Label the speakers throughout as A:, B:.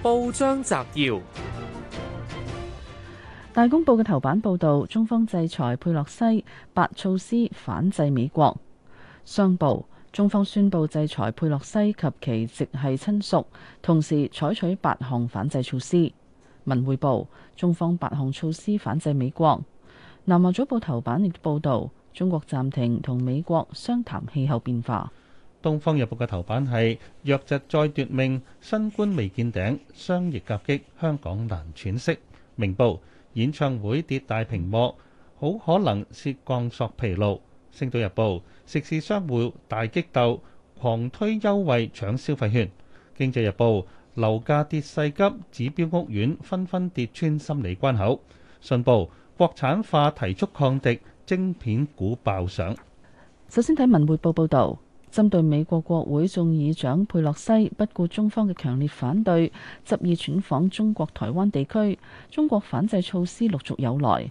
A: 報章摘要：
B: 大公報嘅頭版報道，中方制裁佩洛西，八措施反制美國。商報中方宣布制裁佩洛西及其直係親屬，同時採取八項反制措施。文匯報中方八項措施反制美國。南華早報頭版亦報道，中國暫停同美國商談氣候變化。
A: 東方日報嘅頭版係藥疾再奪命，新冠未見頂，商業夾擊，香港難喘息。明報演唱會跌大屏幕，好可能涉鋼索疲勞。星島日報食肆，商戶大激鬥，狂推優惠搶消費券。經濟日報樓價跌勢急，指標屋苑紛紛跌穿心理關口。信報國產化提速抗敵，晶片股爆上。
B: 首先睇文匯報報道。針對美國國會眾議長佩洛西不顧中方嘅強烈反對，執意竄訪中國台灣地區，中國反制措施陸續有來。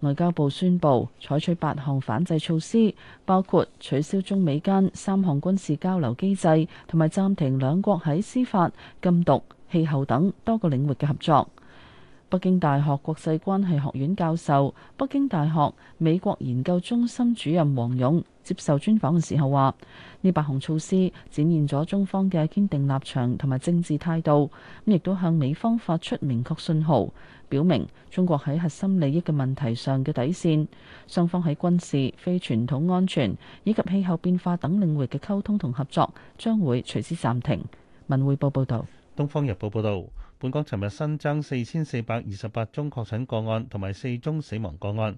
B: 外交部宣布採取八項反制措施，包括取消中美間三項軍事交流機制，同埋暫停兩國喺司法、禁毒、氣候等多個領域嘅合作。北京大學國際關係學院教授、北京大學美國研究中心主任王勇接受專訪嘅時候話，呢八項措施展現咗中方嘅堅定立場同埋政治態度，咁亦都向美方發出明確信號，表明中國喺核心利益嘅問題上嘅底線。雙方喺軍事、非傳統安全以及氣候變化等領域嘅溝通同合作將會隨之暫停。文匯報報道，
A: 東方日報報道。本港尋日新增四千四百二十八宗確診個案，同埋四宗死亡個案。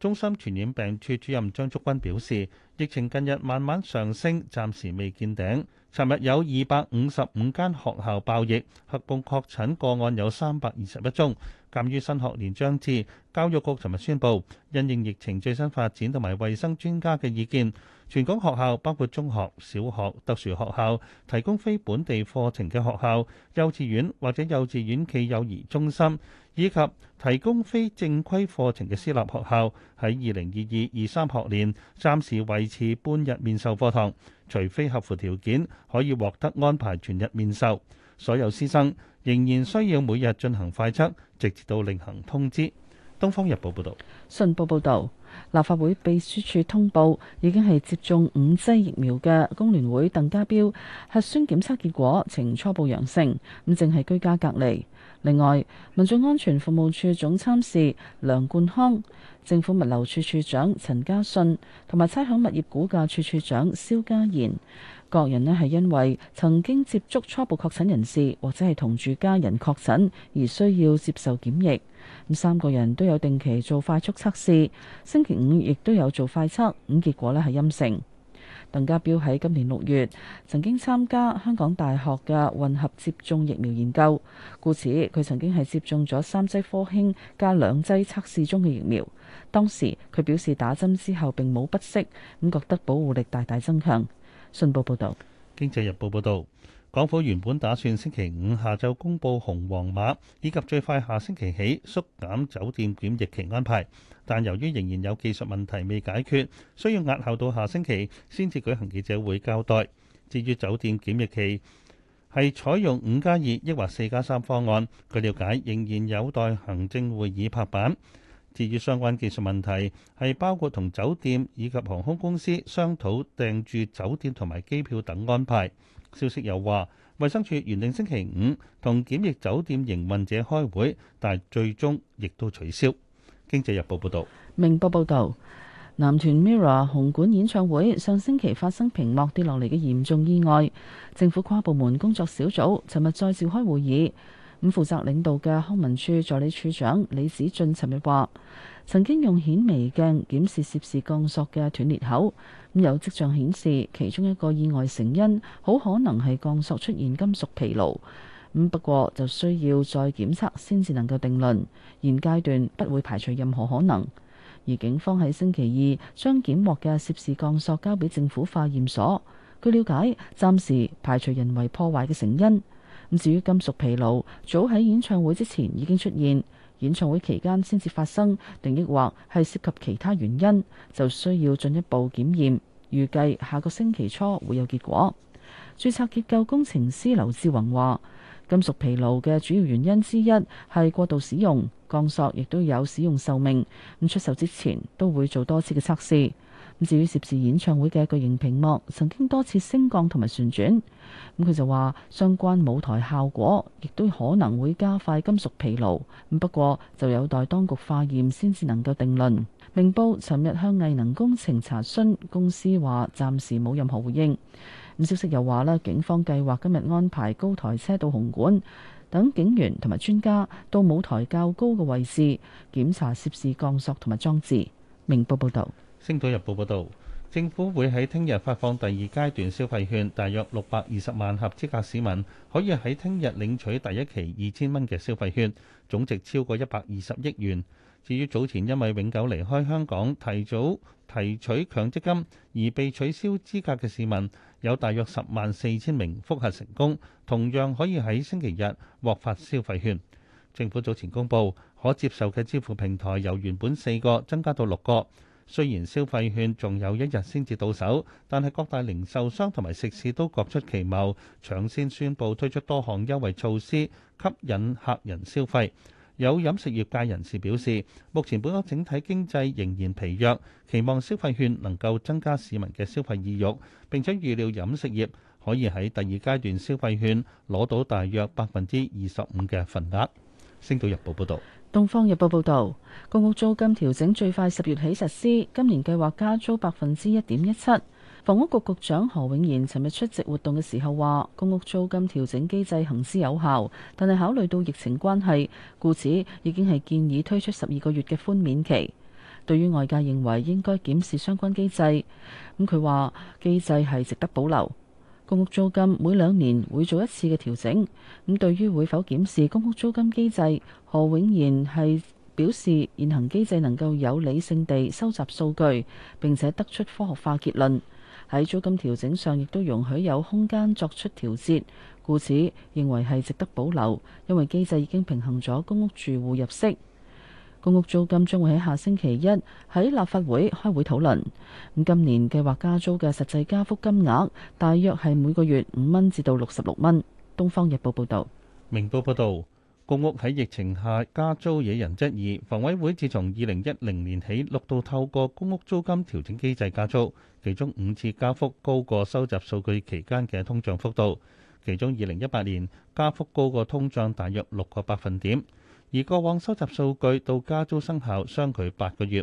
A: 中心傳染病處主任張竹君表示，疫情近日慢慢上升，暫時未見頂。尋日有二百五十五間學校爆疫，合共確診個案有三百二十一宗。鑑於新學年將至，教育局尋日宣布，因應疫情最新發展同埋衞生專家嘅意見，全港學校包括中學、小學、特殊學校、提供非本地課程嘅學校、幼稚園或者幼稚園企幼兒中心以及提供非正規課程嘅私立學校。喺二零二二二三學年暫時維持半日面授課堂，除非合乎條件，可以獲得安排全日面授。所有師生仍然需要每日進行快測，直至到另行通知。《東方日報》報道。
B: 《信報》報道，立法會秘書處通報，已經係接種五劑疫苗嘅工聯會鄧家彪核酸檢測結果呈初步陽性，咁淨係居家隔離。另外，民眾安全服務處總參事梁冠康、政府物流處處長陳家信同埋差餉物業估價署署長蕭嘉賢，各人咧係因為曾經接觸初步確診人士或者係同住家人確診而需要接受檢疫，咁三個人都有定期做快速測試，星期五亦都有做快測，咁結果咧係陰性。鄧家彪喺今年六月曾經參加香港大學嘅混合接種疫苗研究，故此佢曾經係接種咗三劑科興加兩劑測試中嘅疫苗。當時佢表示打針之後並冇不適，咁覺得保護力大大增強。信報報道。
A: 《經濟日報》報道。港府原本打算星期五下晝公布紅黃碼，以及最快下星期起縮減酒店檢疫期安排，但由於仍然有技術問題未解決，需要押後到下星期先至舉行記者會交代。至於酒店檢疫期係採用五加二抑或四加三方案，據瞭解仍然有待行政會議拍板。至於相關技術問題係包括同酒店以及航空公司商討訂住酒店同埋機票等安排。消息又話，衛生署原定星期五同檢疫酒店營運者開會，但最終亦都取消。經濟日報報道，
B: 明報報道，男團 Mirror 紅館演唱會上星期發生屏幕跌落嚟嘅嚴重意外，政府跨部門工作小組尋日再召開會議。咁負責領導嘅康文署助理處長李子俊尋日話：曾經用顯微鏡檢視涉事鋼索嘅斷裂口，咁有跡象顯示其中一個意外成因，好可能係鋼索出現金屬疲勞。咁不過就需要再檢測先至能夠定論，現階段不會排除任何可能。而警方喺星期二將檢獲嘅涉事鋼索交俾政府化驗所，據了解，暫時排除人為破壞嘅成因。至於金屬疲勞，早喺演唱會之前已經出現，演唱會期間先至發生，定抑或係涉及其他原因，就需要進一步檢驗。預計下個星期初會有結果。註冊結構工程師劉志宏話：金屬疲勞嘅主要原因之一係過度使用，鋼索亦都有使用壽命。咁出售之前都會做多次嘅測試。咁至於涉事演唱會嘅巨型屏幕，曾經多次升降同埋旋轉，咁佢就話相關舞台效果亦都可能會加快金屬疲勞。咁不過就有待當局化驗，先至能夠定論。明報尋日向藝能工程查詢，公司話暫時冇任何回應。咁消息又話咧，警方計劃今日安排高台車到紅館，等警員同埋專家到舞台較高嘅位置檢查涉事鋼索同埋裝置。明報報道。
A: 星島日報報導，政府會喺聽日發放第二階段消費券，大約六百二十萬合資格市民可以喺聽日領取第一期二千蚊嘅消費券，總值超過一百二十億元。至於早前因為永久離開香港提早提取強積金而被取消資格嘅市民，有大約十萬四千名複核成功，同樣可以喺星期日獲發消費券。政府早前公布可接受嘅支付平台由原本四個增加到六個。雖然消費券仲有一日先至到手，但係各大零售商同埋食肆都各出奇謀，搶先宣布推出多項優惠措施，吸引客人消費。有飲食業界人士表示，目前本港整體經濟仍然疲弱，期望消費券能夠增加市民嘅消費意欲。並且預料飲食業可以喺第二階段消費券攞到大約百分之二十五嘅份額。星島日報報導。
B: 《東方日報》報導，公屋租金調整最快十月起實施，今年計劃加租百分之一點一七。房屋局局長何永賢尋日出席活動嘅時候話，公屋租金調整機制行之有效，但係考慮到疫情關係，故此已經係建議推出十二個月嘅寬免期。對於外界認為應該檢視相關機制，噉佢話機制係值得保留。公屋租金每兩年會做一次嘅調整，咁對於會否檢視公屋租金機制，何永賢係表示現行機制能夠有理性地收集數據，並且得出科學化結論。喺租金調整上亦都容許有空間作出調節，故此認為係值得保留，因為機制已經平衡咗公屋住戶入息。公屋租金將會喺下星期一喺立法會開會討論。咁今年計劃加租嘅實際加幅金額，大約係每個月五蚊至到六十六蚊。《東方日報》報導，
A: 《明報》報導，公屋喺疫情下加租惹人質疑。房委會自從二零一零年起六度透過公屋租金調整機制加租，其中五次加幅高過收集數據期間嘅通脹幅度，其中二零一八年加幅高過通脹大約六個百分點。而過往收集數據到加租生效相距八個月。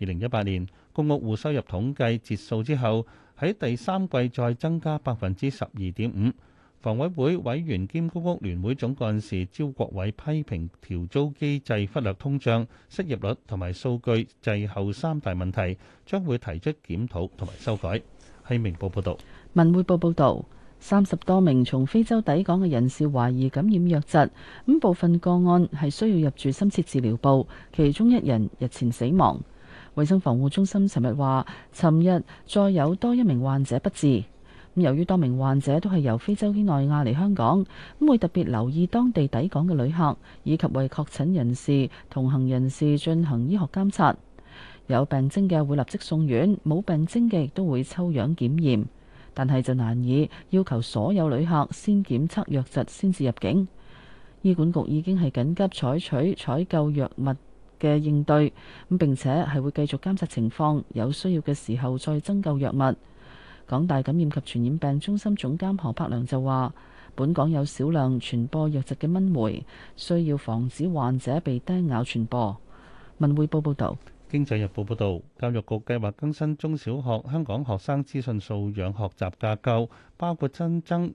A: 二零一八年公屋戶收入統計截數之後，喺第三季再增加百分之十二點五。房委會委員兼公屋聯會總幹事招國偉批評調租機制忽略通脹、失業率同埋數據滯後三大問題，將會提出檢討同埋修改。係明報報道，
B: 文匯報報道。三十多名從非洲抵港嘅人士懷疑感染瘧疾，咁部分個案係需要入住深切治療部，其中一人日前死亡。衛生防護中心尋日話，尋日再有多一名患者不治。由於多名患者都係由非洲幾內亞嚟香港，咁會特別留意當地抵港嘅旅客，以及為確診人士同行人士進行醫學監察。有病徵嘅會立即送院，冇病徵嘅亦都會抽樣檢驗。但係就難以要求所有旅客先檢測瘧疾先至入境。醫管局已經係緊急採取採購藥物嘅應對，咁並且係會繼續監察情況，有需要嘅時候再增購藥物。港大感染及傳染病中心總監何柏良就話：本港有少量傳播瘧疾嘅蚊媒，需要防止患者被叮咬傳播。文匯報報導。經濟日報報導，
A: 教育局計劃更新中小學香港學生資訊素養學習架構，包括新增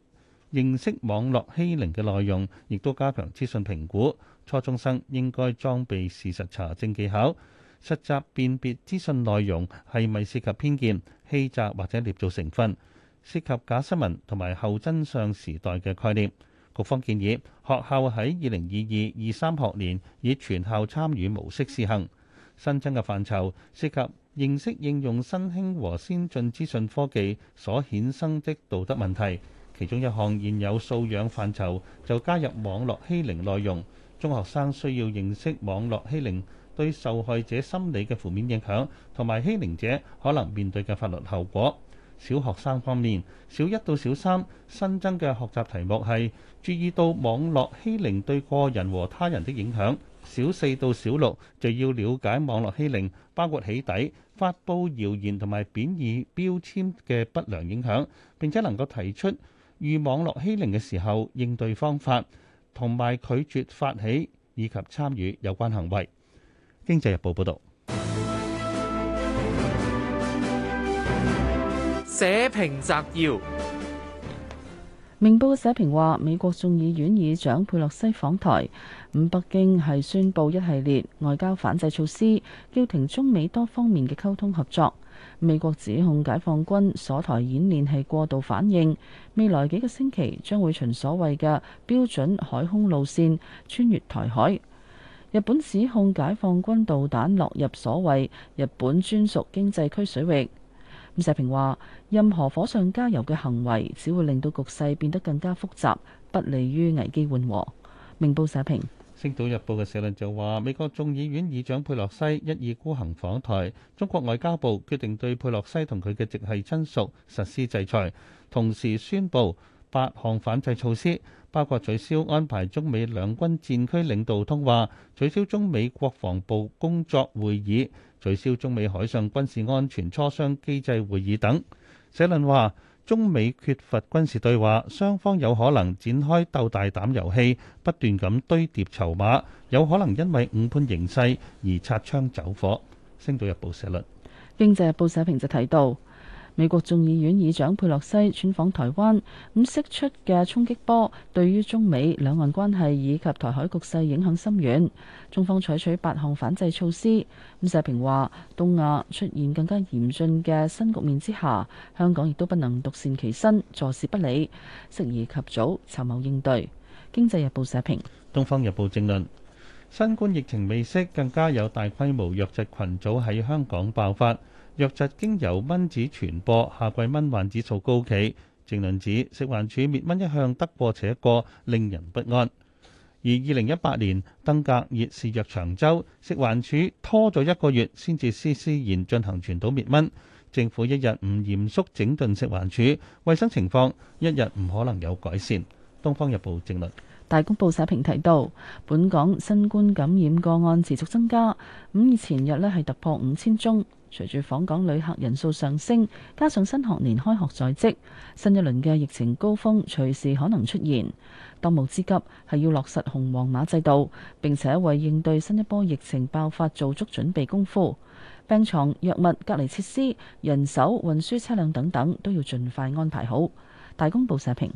A: 認識網絡欺凌嘅內容，亦都加強資訊評估。初中生應該裝備事實查證技巧，實習辨別資訊內容係咪涉及偏見、欺詐或者捏造成分，涉及假新聞同埋後真相時代嘅概念。局方建議學校喺二零二二二三學年以全校參與模式試行。新增嘅範疇涉及認識應用新興和先進資訊科技所衍生的道德問題，其中一項現有素養範疇就加入網絡欺凌內容。中學生需要認識網絡欺凌對受害者心理嘅負面影響，同埋欺凌者可能面對嘅法律後果。小學生方面，小一到小三新增嘅學習題目係注意到網絡欺凌對個人和他人的影響。小四到小六就要了解網絡欺凌，包括起底、發佈謠言同埋貶義標籤嘅不良影響，並且能夠提出遇網絡欺凌嘅時候應對方法，同埋拒絕發起以及參與有關行為。經濟日報報導，社評摘要。
B: 明報社評話：美國眾議院議長佩洛西訪台，咁北京係宣布一系列外交反制措施，叫停中美多方面嘅溝通合作。美國指控解放軍鎖台演練係過度反應，未來幾個星期將會循所謂嘅標準海空路線穿越台海。日本指控解放軍導彈落入所謂日本專屬經濟區水域。社評話：任何火上加油嘅行為，只會令到局勢變得更加複雜，不利於危機緩和。明報社評。
A: 《星島日報》嘅社論就話：美國眾議院議長佩洛西一意孤行訪台，中國外交部決定對佩洛西同佢嘅直系親屬實施制裁，同時宣布八項反制措施，包括取消安排中美兩軍戰區領導通話，取消中美國防部工作會議。取消中美海上軍事安全磋商機制會議等，社論話，中美缺乏軍事對話，雙方有可能展開鬥大膽遊戲，不斷咁堆疊籌碼，有可能因為誤判形勢而擦槍走火。星島日報社
B: 論。經濟日報社評就提到。美國眾議院議長佩洛西竄訪台灣，咁釋出嘅衝擊波對於中美兩岸關係以及台海局勢影響深遠。中方採取八項反制措施。咁社評話：東亞出現更加嚴峻嘅新局面之下，香港亦都不能獨善其身，坐視不理，適宜及早籌謀應對。經濟日報社評，東方日報
A: 正論：新冠疫情未息，更加有大規模弱疾群組喺香港爆發。瘧疾經由蚊子傳播，夏季蚊患指數高企。政論指食環署滅蚊一向得過且過，令人不安。而二零一八年登革熱肆虐長洲，食環署拖咗一個月先至施施然進行全島滅蚊。政府一日唔嚴肅整頓食環署，衛生情況一日唔可能有改善。《東方日報》政論。
B: 大公報社評提到，本港新冠感染個案持續增加，五月前日咧係突破五千宗。隨住訪港旅客人數上升，加上新學年開學在即，新一輪嘅疫情高峰隨時可能出現。當務之急係要落實紅黃碼制度，並且為應對新一波疫情爆發做足準備功夫。病床、藥物、隔離設施、人手、運輸車輛等等都要盡快安排好。大公報社評，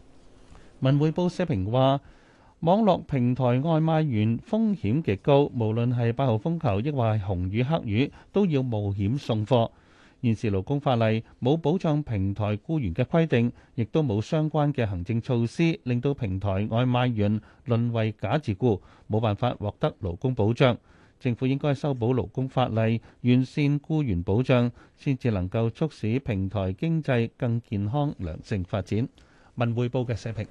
A: 文匯報社評話。網絡平台外賣員風險極高，無論係八號風球，抑或係紅雨黑雨，都要冒險送貨。現時勞工法例冇保障平台僱員嘅規定，亦都冇相關嘅行政措施，令到平台外賣員淪為假自僱，冇辦法獲得勞工保障。政府應該修補勞工法例，完善僱員保障，先至能夠促使平台經濟更健康良性發展。文匯報嘅社評。